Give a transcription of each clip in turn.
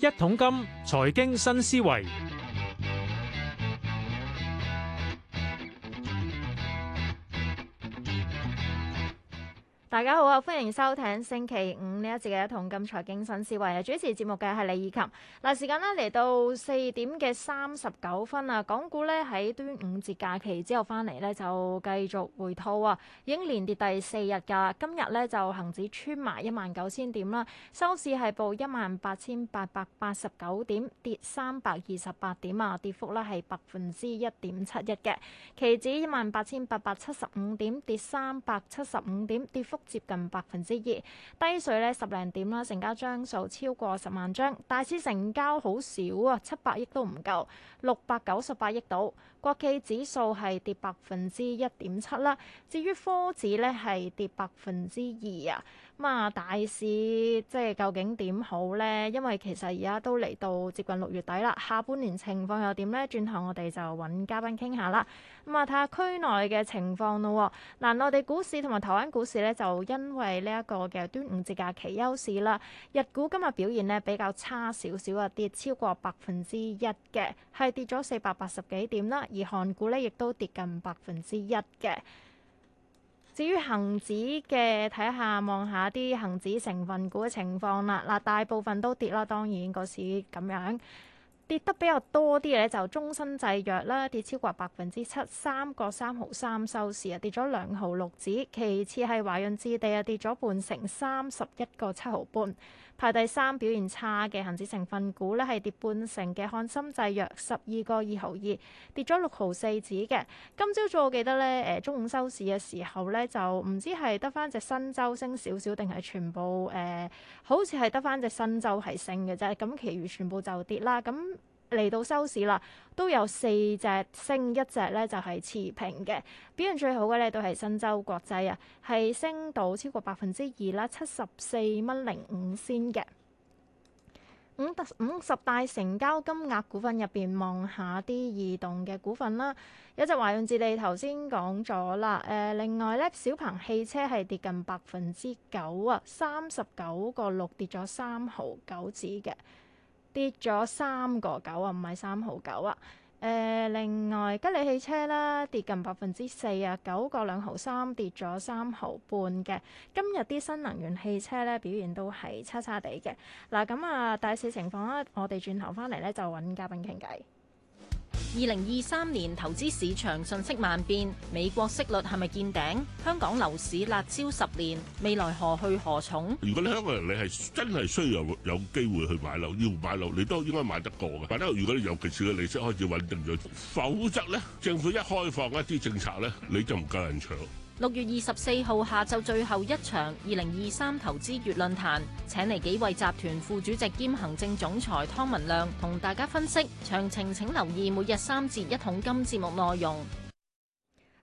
一桶金，財經新思維。大家好啊！歡迎收聽星期五呢一節嘅《同金財經新思維》啊！主持節目嘅係李以琴嗱，時間咧嚟到四點嘅三十九分啊！港股咧喺端午節假期之後翻嚟咧就繼續回吐啊，已經連跌第四日噶啦。今日咧就恒指穿埋一萬九千點啦，收市係報一萬八千八百八十九點，跌三百二十八點啊，跌幅咧係百分之一點七一嘅。期指一萬八千八百七十五點，跌三百七十五點，跌幅。接近百分之二，低水咧十零點啦，成交張數超過十萬張，大市成交好少啊，七百億都唔夠，六百九十八億度，國企指數係跌百分之一點七啦，至於科指咧係跌百分之二啊。咁啊，大市即係究竟點好呢？因為其實而家都嚟到接近六月底啦，下半年情況又點呢？轉頭我哋就揾嘉賓傾下啦。咁啊，睇下區內嘅情況咯。嗱、啊，內地股市同埋台灣股市呢，就因為呢一個嘅端午節假期休市啦。日股今日表現呢，比較差少少啊，跌超過百分之一嘅，係跌咗四百八十幾點啦。而韓股呢，亦都跌近百分之一嘅。至於恒指嘅睇下望下啲恒指成分股嘅情況啦，嗱，大部分都跌啦，當然個市咁樣跌得比較多啲咧，就中生製藥啦，跌超過百分之七，三個三毫三收市啊，跌咗兩毫六止；其次係華潤置地啊，跌咗半成，三十一個七毫半。排第三，表現差嘅恆指成分股咧，係跌半成嘅翰森製藥，十二個二毫二，跌咗六毫四止嘅。今朝早我記得咧，誒、呃、中午收市嘅時候咧，就唔知係得翻隻申洲升少少，定係全部誒、呃，好似係得翻隻申洲係升嘅啫，咁其餘全部就跌啦，咁。嚟到收市啦，都有四隻升一隻呢，一隻咧就係、是、持平嘅。表現最好嘅咧都係新洲國際啊，係升到超過百分之二啦，七十四蚊零五仙嘅。五十五十大成交金額股份入邊，望下啲異動嘅股份啦。有隻華潤置地頭先講咗啦。誒、呃，另外咧小鵬汽車係跌近百分之九啊，三十九個六跌咗三毫九子嘅。跌咗三個九啊，唔係三毫九啊。誒，另外吉利汽車咧，跌近百分之四啊，九個兩毫三，跌咗三毫半嘅。今日啲新能源汽車咧表現都係差差哋嘅。嗱，咁啊，大市情況啦，我哋轉頭翻嚟咧就揾嘉賓傾偈。二零二三年投資市場瞬息萬變，美國息率係咪見頂？香港樓市辣招十年，未來何去何從？如果你香港人你係真係需要有，有機會去買樓，要買樓你都應該買得過嘅。但如果你尤其是個利息開始穩定咗，否則咧，政府一開放一啲政策咧，你就唔夠人搶。六月二十四號下晝最後一場二零二三投資月論壇，請嚟紀惠集團副主席兼行政總裁湯文亮同大家分析詳情，請留意每日三節一桶金節目內容。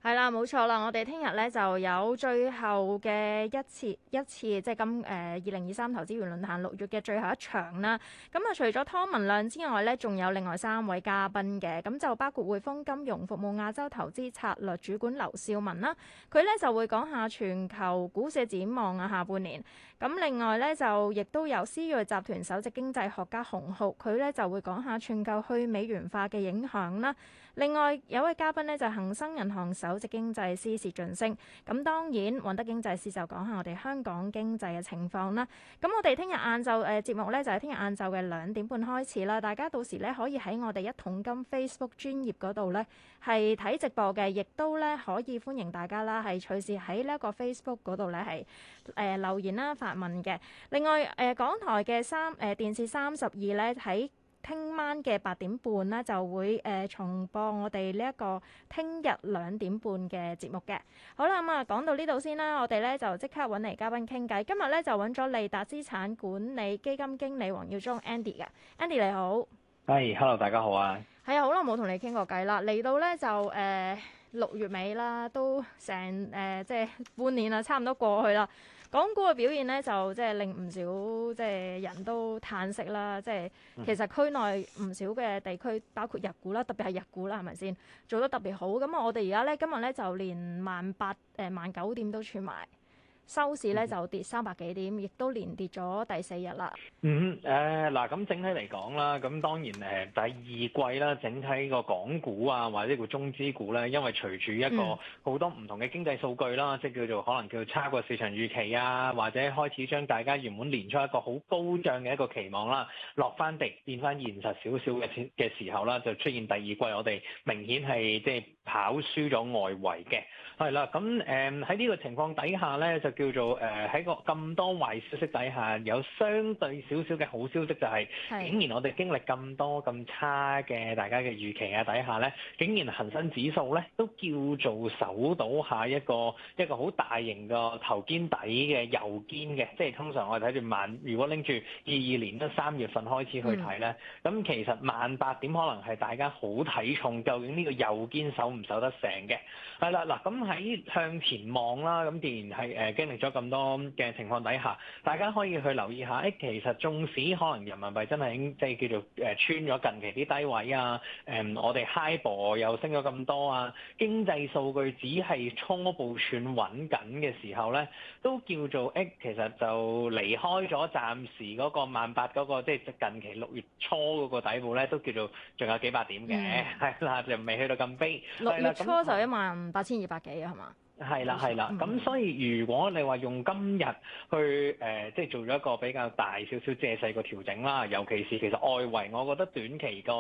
係啦，冇錯啦，我哋聽日咧就有最後嘅一次一次，即係今誒二零二三投資圓論壇六月嘅最後一場啦。咁、嗯、啊，除咗湯文亮之外咧，仲有另外三位嘉賓嘅，咁就包括匯豐金融服務亞洲投資策略主管劉少文啦。佢咧就會講下全球股市展望啊，下半年。咁另外咧就亦都有思睿集團首席經濟學家洪灝，佢咧就會講下全球去美元化嘅影響啦。另外有位嘉賓咧就恒生銀行首席經濟師薛俊升。咁當然韻德經濟師就講下我哋香港經濟嘅情況啦。咁我哋聽日晏晝誒節目咧就係聽日晏晝嘅兩點半開始啦。大家到時咧可以喺我哋一桶金 Facebook 專頁嗰度咧係睇直播嘅，亦都咧可以歡迎大家啦係隨時喺呢一個 Facebook 嗰度咧係誒留言啦。問嘅，另外誒、呃，港台嘅三誒、呃、電視三十二咧，喺聽晚嘅八點半咧就會誒、呃、重播，我哋呢一個聽日兩點半嘅節目嘅。好啦，咁、嗯、啊，講到呢度先啦，我哋咧就即刻揾嚟嘉賓傾偈。今日咧就揾咗利達資產管理基金經理黃耀宗 Andy 嘅，Andy 你好。係、hey，Hello，大家好啊。係啊、哎，好耐冇同你傾過偈啦。嚟到咧就誒六、呃、月尾啦，都成誒、呃、即係半年啦，差唔多過去啦。港股嘅表現咧，就即係令唔少即係、就是、人都嘆息啦。即、就、係、是、其實區內唔少嘅地區，包括日股啦，特別係日股啦，係咪先做得特別好？咁我哋而家咧，今日咧就連萬八誒萬九點都穿埋。收市咧就跌三百幾點，亦都連跌咗第四日啦。嗯，誒、呃、嗱，咁整體嚟講啦，咁當然誒、呃、第二季啦，整體個港股啊，或者個中資股咧，因為隨住一個好多唔同嘅經濟數據啦，即係叫做可能叫做差過市場預期啊，或者開始將大家原本連出一個好高漲嘅一個期望啦，落翻地變翻現實少少嘅嘅時候啦，就出現第二季我哋明顯係即係。跑輸咗外圍嘅，係啦，咁誒喺呢個情況底下呢，就叫做誒喺個咁多壞消息底下，有相對少少嘅好消息，就是，就係的竟然我哋經歷咁多咁差嘅大家嘅預期啊底下呢，竟然恒生指數呢都叫做守到下一個一個好大型嘅頭肩底嘅右肩嘅，即係通常我哋睇住萬，如果拎住二二年咧三月份開始去睇呢，咁、嗯、其實萬八點可能係大家好睇重，究竟呢個右肩守。唔守得成嘅，係啦嗱，咁喺向前望啦，咁既然係誒經歷咗咁多嘅情況底下，大家可以去留意下，誒其實縱使可能人民幣真係已經即係叫做誒穿咗近期啲低位啊，誒我哋 high 波又升咗咁多啊，經濟數據只係初步算穩緊嘅時候咧，都叫做誒其實就離開咗暫時嗰個萬八嗰個，即係近期六月初嗰個底部咧，都叫做仲有幾百點嘅，係啦，就未去到咁悲。月初就一萬八千二百幾係嘛？係啦，係啦，咁所以如果你話用今日去誒，即、呃、係、就是、做咗一個比較大少少借勢個調整啦，尤其是其實外圍，我覺得短期個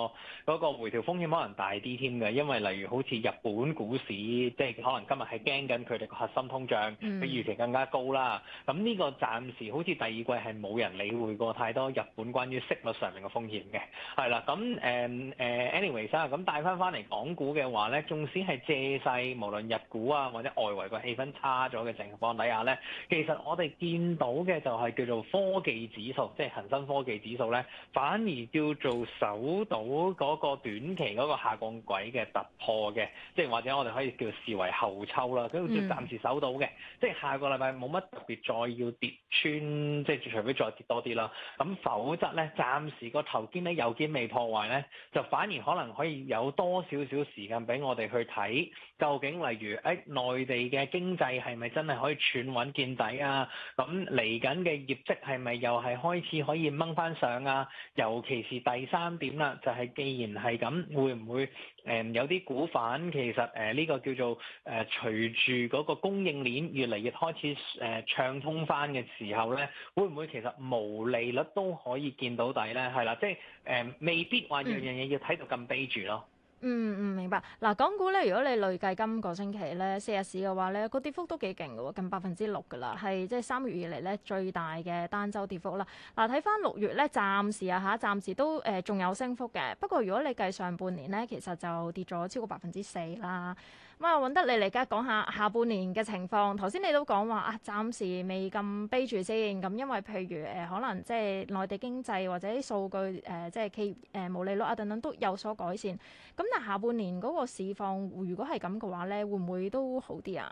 嗰個回調風險可能大啲添嘅，因為例如好似日本股市，即、就、係、是、可能今日係驚緊佢哋個核心通脹，比預期更加高啦。咁呢、嗯、個暫時好似第二季係冇人理會過太多日本關於息率上面嘅風險嘅，係啦。咁誒誒 anyway 咁帶翻翻嚟港股嘅話呢，縱使係借勢，無論日股啊或者外。作為個氣氛差咗嘅情況底下咧，其實我哋見到嘅就係叫做科技指數，即係恆生科技指數咧，反而叫做守到嗰個短期嗰個下降軌嘅突破嘅，即係或者我哋可以叫視為後抽啦，咁就暫時守到嘅。即係下個禮拜冇乜特別再要跌穿，即係除非再跌多啲啦。咁否則咧，暫時個頭肩咧右肩未破壞咧，就反而可能可以有多少少時間俾我哋去睇究竟，例如誒內地。你嘅經濟係咪真係可以轉穩見底啊？咁嚟緊嘅業績係咪又係開始可以掹翻上啊？尤其是第三點啦，就係、是、既然係咁，會唔會誒有啲股份？其實誒呢個叫做誒隨住嗰個供應鏈越嚟越開始誒暢通翻嘅時候咧，會唔會其實毛利率都可以見到底咧？係啦，即係誒未必話樣樣嘢要睇到咁悲住咯。嗯嗯，明白嗱，港股咧如果你累計今個星期咧四日市嘅話咧，個跌幅都幾勁㗎喎，近百分之六㗎喇，係即係三月以嚟咧最大嘅單週跌幅啦。嗱，睇返六月咧，暫時啊嚇，暫時都誒仲、呃、有升幅嘅。不過如果你計上半年咧，其實就跌咗超過百分之四啦。哇！揾得你嚟而家講下下半年嘅情況。頭先你都講話啊，暫時未咁悲住先。咁因為譬如誒、呃，可能即係內地經濟或者啲數據、呃、即係企業毛利率啊等等都有所改善。咁但下半年嗰個市況，如果係咁嘅話咧，會唔會都好啲啊？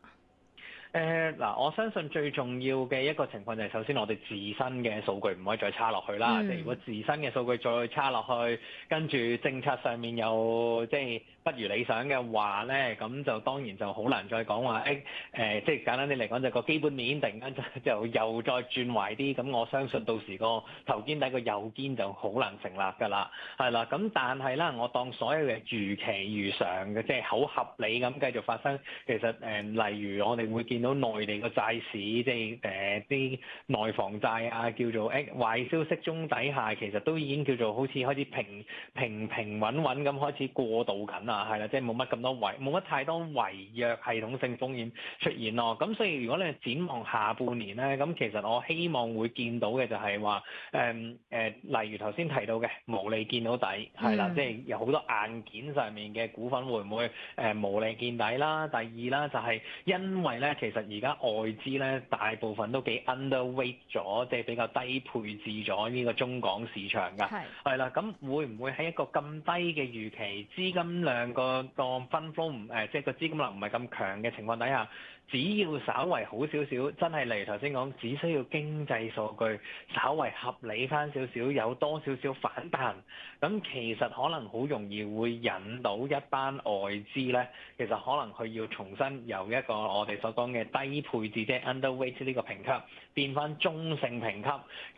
誒嗱、呃，我相信最重要嘅一個情況就係首先我哋自身嘅數據唔可以再差落去啦。嗯、如果自身嘅數據再差落去，跟住政策上面又即係不如理想嘅話咧，咁就當然就好難再講話誒誒，即係簡單啲嚟講就個基本面突然間就又再轉壞啲，咁我相信到時個頭肩底個右肩就好難成立㗎啦，係啦。咁但係咧，我當所有嘅如期如常嘅，即係好合理咁繼續發生。其實誒、呃，例如我哋會見。見 到內地個債市，即係誒啲內房債啊，叫做誒壞消息中底下，其實都已經叫做好似開始平平平穩穩咁開始過渡緊啦，係啦，即係冇乜咁多違，冇乜太多違約系統性風險出現咯。咁所以如果你展望下半年咧，咁其實我希望會見到嘅就係話誒誒，例如頭先提到嘅毛利見到底，係啦，嗯、即係有好多硬件上面嘅股份會唔會誒毛利見底啦？第二啦，就係、是、因為咧其實而家外資咧，大部分都幾 underweight 咗，即係比較低配置咗呢個中港市場㗎。係係啦，咁會唔會喺一個咁低嘅預期、資金量個當分封？唔誒，即係個資金量唔係咁強嘅情況底下？只要稍為好少少，真係例如頭先講，只需要經濟數據稍為合理翻少少，有多少少反彈，咁其實可能好容易會引到一班外資呢，其實可能佢要重新由一個我哋所講嘅低配置即係 underweight 呢個評級，變翻中性評級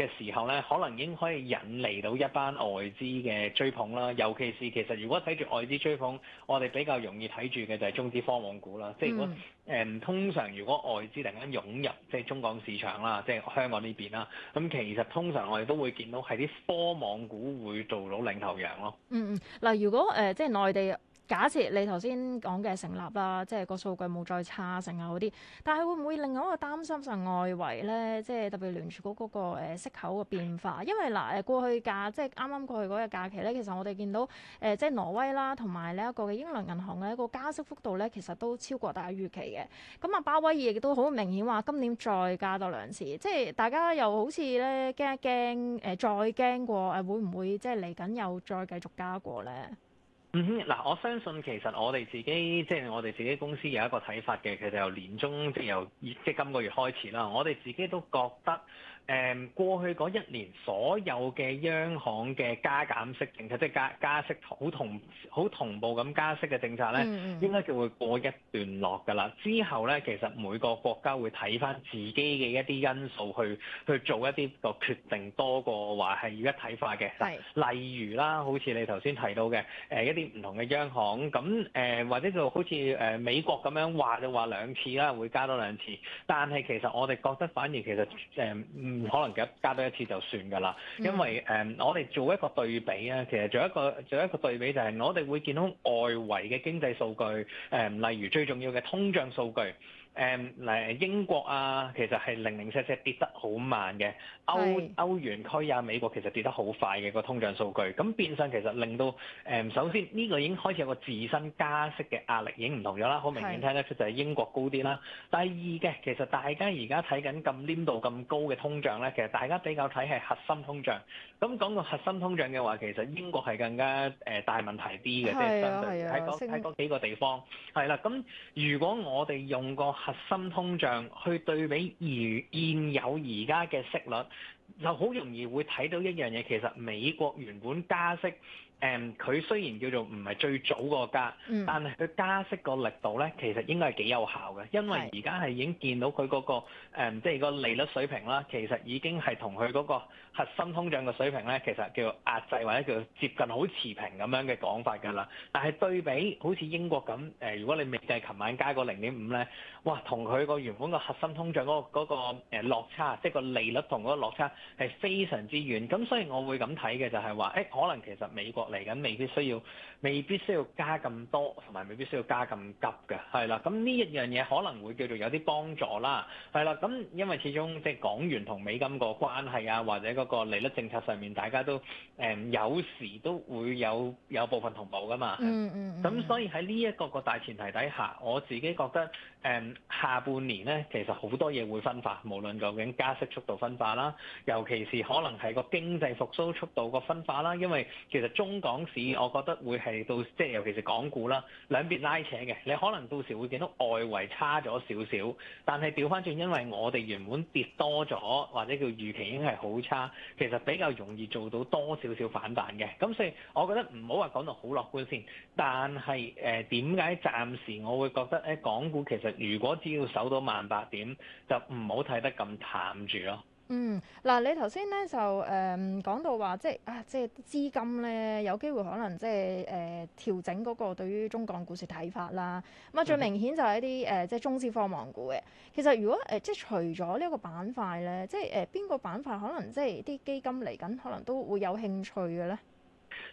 嘅時候咧，可能已經可以引嚟到一班外資嘅追捧啦。尤其是其實如果睇住外資追捧，我哋比較容易睇住嘅就係中資科網股啦。即係如果誒、嗯、通常如果外資突然間湧入，即係中港市場啦，即係香港呢邊啦，咁其實通常我哋都會見到係啲科網股會做到領頭羊咯。嗯，嗯，嗱，如果誒、呃、即係內地。假設你頭先講嘅成立啦，即係個數據冇再差成啊嗰啲，但係會唔會另外一個擔心就係外圍咧，即係特別聯儲局個誒息口嘅變化，因為嗱誒過去假即係啱啱過去嗰日假期咧，其實我哋見到誒即係挪威啦同埋呢一個英倫銀行嘅一個加息幅度咧，其實都超過大家預期嘅。咁啊，鮑威爾亦都好明顯話今年再加多兩次，即係大家又好似咧驚一驚誒，再驚過誒會唔會即係嚟緊又再繼續加過咧？嗯，嗱，我相信其實我哋自己，即係我哋自己公司有一個睇法嘅。其實由年中，即係由即係今個月開始啦，我哋自己都覺得。誒過去嗰一年所有嘅央行嘅加減息政策，即係加加息好同好同步咁加息嘅政策咧，應該就會過一段落㗎啦。之後咧，其實每個國家會睇翻自己嘅一啲因素去去做一啲個決定多，多過話係一體化嘅。係，例如啦，好似你頭先提到嘅，誒一啲唔同嘅央行，咁誒、呃、或者就好似誒美國咁樣話就話兩次啦，會多加多兩次，但係其實我哋覺得反而其實誒唔。呃唔可能加多一次就算噶啦，因為誒、 嗯、我哋做一個對比啊，其實，做一個做一個對比就係我哋會見到外圍嘅經濟數據，誒、嗯、例如最重要嘅通脹數據。誒嗱、嗯，英國啊，其實係零零細細跌得好慢嘅，歐是歐元區啊，美國其實跌得好快嘅個通脹數據。咁變相其實令到誒、嗯，首先呢個已經開始有個自身加息嘅壓力已經唔同咗啦。好明顯聽得出就係英國高啲啦。是第二嘅，其實大家而家睇緊咁黏度咁高嘅通脹咧，其實大家比較睇係核心通脹。咁講個核心通脹嘅話，其實英國係更加誒、呃、大問題啲嘅，即係是相對喺嗰喺幾個地方係啦。咁升如果我哋用個核心通脹去對比而現有而家嘅息率，就好容易會睇到一樣嘢，其實美國原本加息。誒，佢、嗯、雖然叫做唔係最早個加，嗯、但係佢加息個力度咧，其實應該係幾有效嘅，因為而家係已經見到佢嗰、那個即係、嗯就是、個利率水平啦，其實已經係同佢嗰個核心通脹嘅水平咧，其實叫做壓制或者叫接近好持平咁樣嘅講法㗎啦。但係對比好似英國咁，誒，如果你未計琴晚加個零點五咧，哇，同佢個原本個核心通脹嗰、那個嗰落差，即、就、係、是、個利率同嗰個落差係非常之遠。咁所以我會咁睇嘅就係話，誒，可能其實美國。嚟緊未必需要，未必需要加咁多，同埋未必需要加咁急嘅，係啦。咁呢一樣嘢可能會叫做有啲幫助啦，係啦。咁因為始終即係、就是、港元同美金個關係啊，或者嗰個利率政策上面，大家都誒、嗯、有時都會有有部分同步噶嘛。嗯嗯、mm。咁、hmm. 所以喺呢一個個大前提底下，我自己覺得。誒下半年咧，其實好多嘢會分化，無論究竟加息速度分化啦，尤其是可能係個經濟復甦速度個分化啦。因為其實中港市，我覺得會係到即係尤其是港股啦，兩邊拉扯嘅。你可能到時會見到外圍差咗少少，但係掉返轉，因為我哋原本跌多咗，或者叫預期已經係好差，其實比較容易做到多少少反彈嘅。咁所以我覺得唔好話講到好樂觀先，但係誒點解暫時我會覺得咧，港股其實～如果只要守到萬八點，就唔好睇得咁淡住咯。嗯，嗱，你頭先咧就誒、呃、講到話，即係啊，即係資金咧有機會可能即係誒、呃、調整嗰個對於中港股市睇法啦。咁啊，最明顯就係一啲誒、呃、即係中資科網股嘅。其實如果誒、呃、即係除咗呢一個板塊咧，即係誒邊個板塊可能即係啲基金嚟緊，可能都會有興趣嘅咧。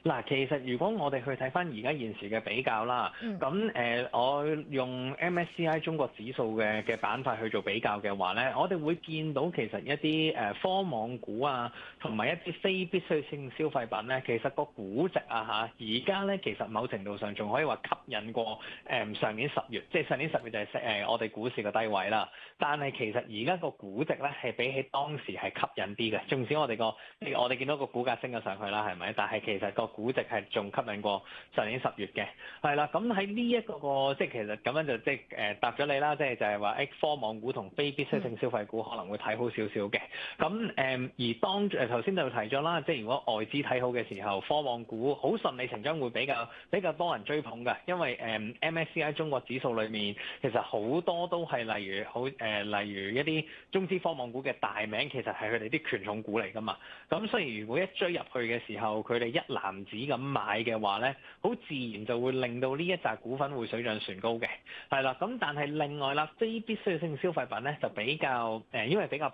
嗱，其實如果我哋去睇翻而家現時嘅比較啦，咁誒、嗯呃，我用 MSCI 中國指數嘅嘅板塊去做比較嘅話咧，我哋會見到其實一啲誒科網股啊，同埋一啲非必需性消費品咧，其實個估值啊嚇，而家咧其實某程度上仲可以話吸引過誒、呃、上年十月，即係上年十月就係誒我哋股市嘅低位啦。但係其實而家個估值咧係比起當時係吸引啲嘅，縱使我哋、個、嗯、我哋見到個股價升咗上去啦，係咪？但係其實、個估值係仲吸引過上年十月嘅，係啦。咁喺呢一個個，即係其實咁樣就即係誒答咗你啦，即係就係話，科網股同非必需性消費股可能會睇好少少嘅。咁誒、呃、而當誒頭先就提咗啦，即係如果外資睇好嘅時候，科網股好順理成章會比較比較多人追捧㗎，因為誒、呃、MSCI 中國指數裏面其實好多都係例如好誒、呃，例如一啲中資科網股嘅大名，其實係佢哋啲權重股嚟㗎嘛。咁所以如果一追入去嘅時候，佢哋一攬只咁買嘅話呢，好自然就會令到呢一扎股份會水漲船高嘅，係啦。咁但係另外啦，非必需性消費品呢，就比較誒、呃，因為比較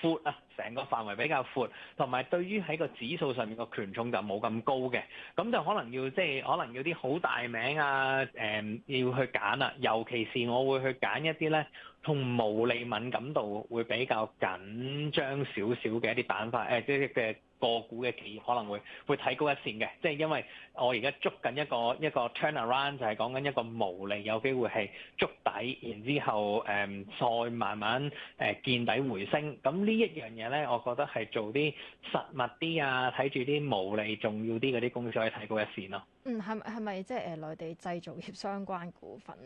闊啊，成個範圍比較闊，同埋對於喺個指數上面個權重就冇咁高嘅，咁就可能要即係可能要啲好大名啊誒、呃，要去揀啦。尤其是我會去揀一啲呢，同毛利敏感度會比較緊張少少嘅一啲板塊誒，即係嘅。個股嘅企業可能會會睇高一線嘅，即係因為我而家捉緊一個一個 turnaround，就係講緊一個毛利有機會係築底，然之後誒再慢慢誒見底回升。咁呢一樣嘢咧，我覺得係做啲實物啲啊，睇住啲毛利重要啲嗰啲公司可以睇高一線咯。嗯，係咪係咪即係誒內地製造業相關股份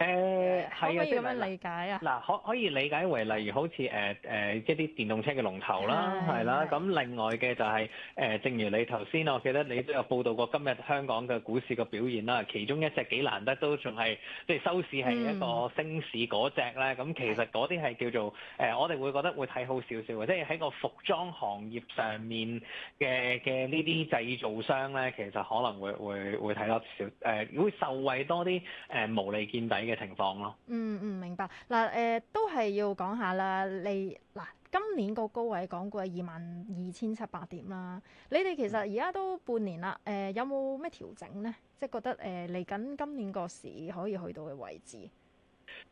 誒？係啊，可以點樣理解啊？嗱，可可以理解為例如好似誒誒即啲電動車嘅龍頭啦，係啦，咁另外。嘅就係誒，正如你頭先，我記得你都有報道過今日香港嘅股市嘅表現啦。其中一隻幾難得都仲係即係收市係一個升市嗰隻咧。咁、嗯、其實嗰啲係叫做誒，我哋會覺得會睇好少少嘅，即係喺個服裝行業上面嘅嘅呢啲製造商咧，其實可能會會會睇得少誒、呃，會受惠多啲誒、呃、無利見底嘅情況咯。嗯嗯，明白。嗱誒、呃，都係要講下啦。你嗱。今年個高位港股係二萬二千七百點啦，你哋其實而家都半年啦，誒、呃、有冇咩調整呢？即係覺得誒嚟緊今年個市可以去到嘅位置？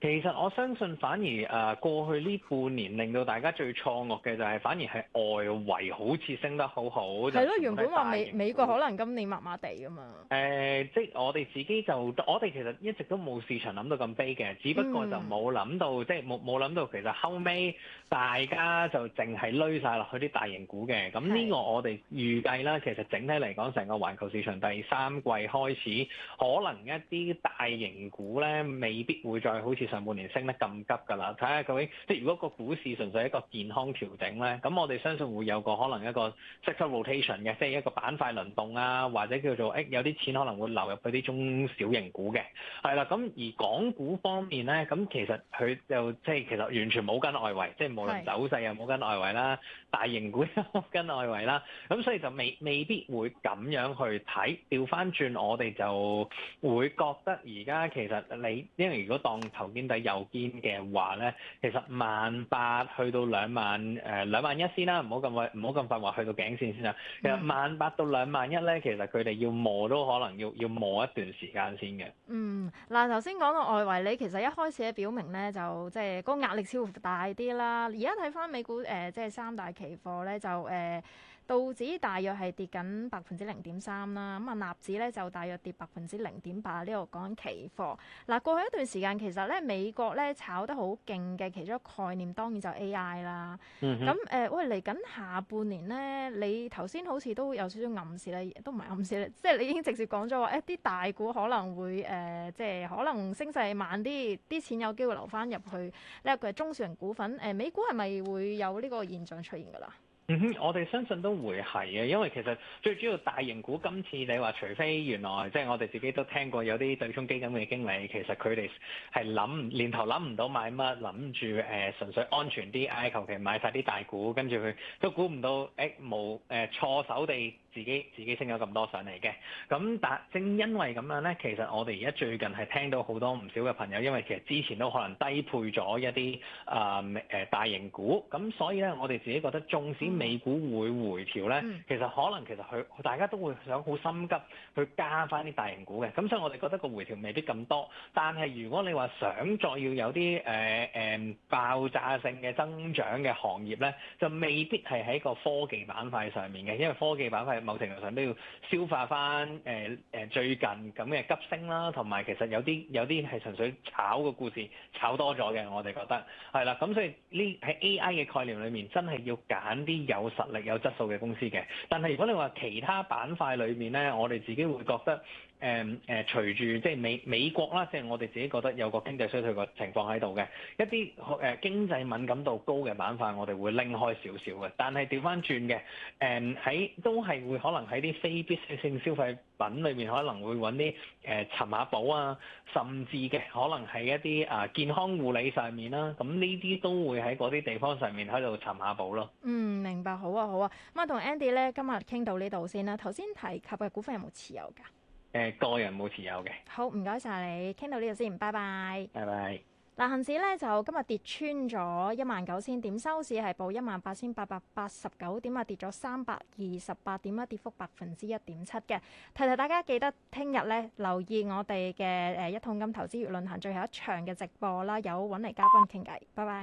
其實我相信反而誒過去呢半年令到大家最錯愕嘅就係反而係外圍好似升得好好，係咯了，原本話美美國可能今年麻麻地㗎嘛。誒、呃，即係我哋自己就我哋其實一直都冇市場諗到咁悲嘅，只不過就冇諗到、嗯、即係冇冇諗到其實後尾大家就淨係攣曬落去啲大型股嘅。咁呢個我哋預計啦，其實整體嚟講，成個環球市場第三季開始，可能一啲大型股咧未必會再好似上半年升得咁急㗎啦，睇下究竟，即係如果個股市純粹一個健康調整咧，咁我哋相信會有個可能一個 sector rotation 嘅，即係一個板塊輪動啊，或者叫做誒、哎、有啲錢可能會流入去啲中小型股嘅，係啦，咁而港股方面咧，咁其實佢就即係其，其實完全冇跟外圍，即係無論走勢又冇跟外圍啦，的大型股冇跟外圍啦，咁所以就未未必會咁樣去睇，調返轉我哋就會覺得而家其實你因為如果當投錢底右肩嘅話咧，其實萬八去到兩萬，誒兩萬一先啦，唔好咁快，唔好咁快話去到頸線先啦。其實萬八到兩萬一咧，其實佢哋要磨都可能要要磨一段時間先嘅。嗯，嗱頭先講到外圍，你其實一開始嘅表明咧，就即係嗰個壓力似乎大啲啦。而家睇返美股誒、呃，即係三大期貨咧，就誒。呃道指大約係跌緊百分之零點三啦，咁啊納指咧就大約跌百分之零點八。呢度講緊期貨嗱、啊，過去一段時間其實咧美國咧炒得好勁嘅其中一個概念當然就 AI 啦。咁誒、嗯哼呃，喂嚟緊下，下半年咧，你頭先好似都有少少暗示咧，都唔係暗示咧，即係你已經直接講咗話，一、哎、啲大股可能會誒、呃，即係可能升勢慢啲，啲錢有機會留翻入去呢一、那個係中小型股份。誒、呃、美股係咪會有呢個現象出現㗎啦？嗯、我哋相信都會係啊，因為其實最主要大型股今次你話，除非原來即係、就是、我哋自己都聽過有啲對沖基金嘅經理，其實佢哋係諗年頭諗唔到買乜，諗住誒純粹安全啲，唉求其買晒啲大股，跟住佢都估唔到，誒冇誒錯手地。自己自己升咗咁多上嚟嘅，咁但正因為咁樣呢，其實我哋而家最近係聽到好多唔少嘅朋友，因為其實之前都可能低配咗一啲啊誒大型股，咁所以呢，我哋自己覺得，縱使美股會回調呢，嗯、其實可能其實佢大家都會想好心急去加翻啲大型股嘅，咁所以我哋覺得個回調未必咁多，但係如果你話想再要有啲誒誒爆炸性嘅增長嘅行業呢，就未必係喺個科技板塊上面嘅，因為科技板塊。某程度上都要消化翻誒誒最近咁嘅急升啦，同埋其實有啲有啲係純粹炒個故事炒多咗嘅，我哋覺得係啦。咁所以呢喺 AI 嘅概念裏面，真係要揀啲有實力、有質素嘅公司嘅。但係如果你話其他板塊裏面呢，我哋自己會覺得。誒誒、嗯呃，隨住即係美美國啦，即係我哋自己覺得有個經濟衰退嘅情況喺度嘅一啲誒、呃、經濟敏感度高嘅板塊，我哋會拎開少少嘅。但係調翻轉嘅誒喺都係會可能喺啲非必需性消費品裏面可能會揾啲誒尋下寶啊，甚至嘅可能係一啲啊、呃、健康護理上面啦、啊。咁呢啲都會喺嗰啲地方上面喺度尋下寶咯。嗯，明白，好啊，好啊。咁我，同 Andy 咧今日傾到呢度先啦。頭先提及嘅股份有冇持有㗎？誒，個人冇持有嘅。好，唔該晒你，傾到呢度先，拜拜。拜拜。嗱、啊，恒指咧就今日跌穿咗一萬九千點，收市係報一萬八千八百八十九點啊，跌咗三百二十八點啊，跌幅百分之一點七嘅。提提大家記得聽日咧留意我哋嘅誒一桶金投資月論壇最後一場嘅直播啦，有揾嚟嘉賓傾偈。拜拜。